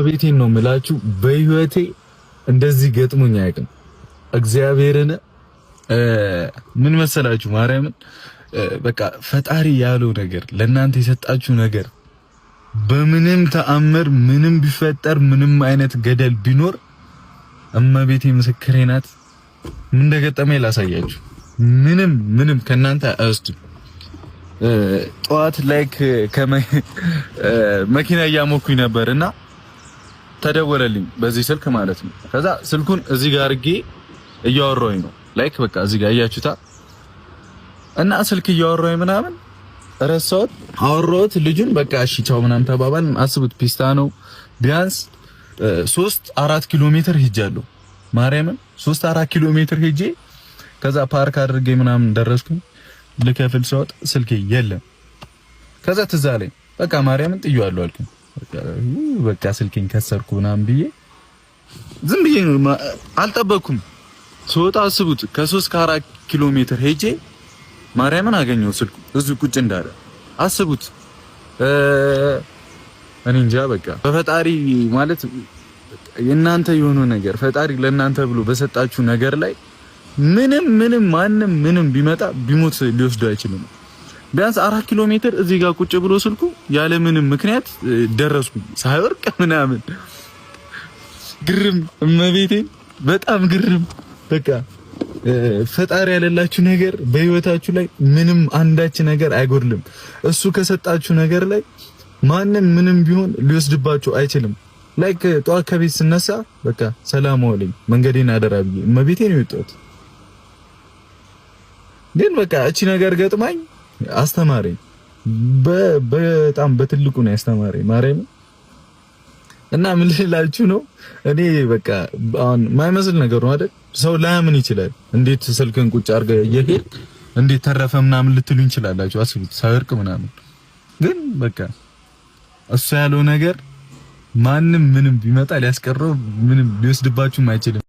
እመቤቴን ነው የምላችሁ፣ በህይወቴ እንደዚህ ገጥሞኝ አያውቅም። እግዚአብሔርን ምን መሰላችሁ? ማርያምን በቃ ፈጣሪ ያለው ነገር ለእናንተ የሰጣችሁ ነገር በምንም ተአምር ምንም ቢፈጠር ምንም አይነት ገደል ቢኖር እመቤቴ ምስክሬ ናት። ምን እንደገጠመኝ ላሳያችሁ። ምንም ምንም ከእናንተ አስቱ ጠዋት ላይ መኪና እያሞኩኝ ነበር እና ተደወለልኝ በዚህ ስልክ ማለት ነው። ከዛ ስልኩን እዚህ ጋር አድርጌ እያወራሁኝ ነው ላይክ በቃ እዚህ ጋር እያችሁታ እና ስልክ እያወራሁኝ ምናምን ረሳሁት፣ አወራሁት ልጁን በቃ እሺ ቻው ምናምን ተባባል። አስቡት ፒስታ ነው ቢያንስ ሶስት አራት ኪሎ ሜትር ሄጃለሁ። ማርያምን ሶስት አራት ኪሎ ሜትር ሄጄ ከዛ ፓርክ አድርጌ ምናምን ደረስኩኝ። ልከፍል ስወጣ ስልኬ የለም። ከዛ ትዝ አለኝ በቃ ማርያምን ጥዩ አለው አልኩኝ። በቃ ስልኬን ከሰርኩ ምናምን ብዬ ዝም ብዬ አልጠበኩም። ስወጣ አስቡት ከሶስት ከአራት ኪሎ ሜትር ሄጄ ማርያምን አገኘው ስልኩ እዚሁ ቁጭ እንዳለ አስቡት። እኔ እንጃ በቃ በፈጣሪ ማለት የእናንተ የሆነ ነገር ፈጣሪ ለእናንተ ብሎ በሰጣችሁ ነገር ላይ ምንም ምንም ማንም ምንም ቢመጣ ቢሞት ሊወስዱ አይችልም። ቢያንስ አራት ኪሎ ሜትር እዚህ ጋር ቁጭ ብሎ ስልኩ ያለምንም ምክንያት ደረስኩ ሳይወርቅ ምናምን ግርም እመቤቴ በጣም ግርም በቃ ፈጣሪ ያለላችሁ ነገር በህይወታችሁ ላይ ምንም አንዳች ነገር አይጎድልም። እሱ ከሰጣችሁ ነገር ላይ ማንም ምንም ቢሆን ሊወስድባችሁ አይችልም። ላይክ ጠዋት ከቤት ስነሳ በቃ ሰላም ዋለኝ መንገዴን አደራ ብዬ እመቤቴን የወጣሁት ግን በቃ እቺ ነገር ገጥማኝ አስተማሪ በጣም በትልቁ ነው ያስተማረኝ ማርያም እና ምን ልላችሁ ነው እኔ በቃ አሁን ማይመስል ነገር ነው አይደል? ሰው ላያምን ይችላል። እንዴት ስልክን ቁጭ አርገ እየሄድ እንዴት ተረፈ ምናምን ልትሉ እንችላላችሁ። አስቡት ሳይወርቅ ምናምን። ግን በቃ እሱ ያለው ነገር ማንም ምንም ቢመጣ ሊያስቀረው ምንም ሊወስድባችሁም አይችልም።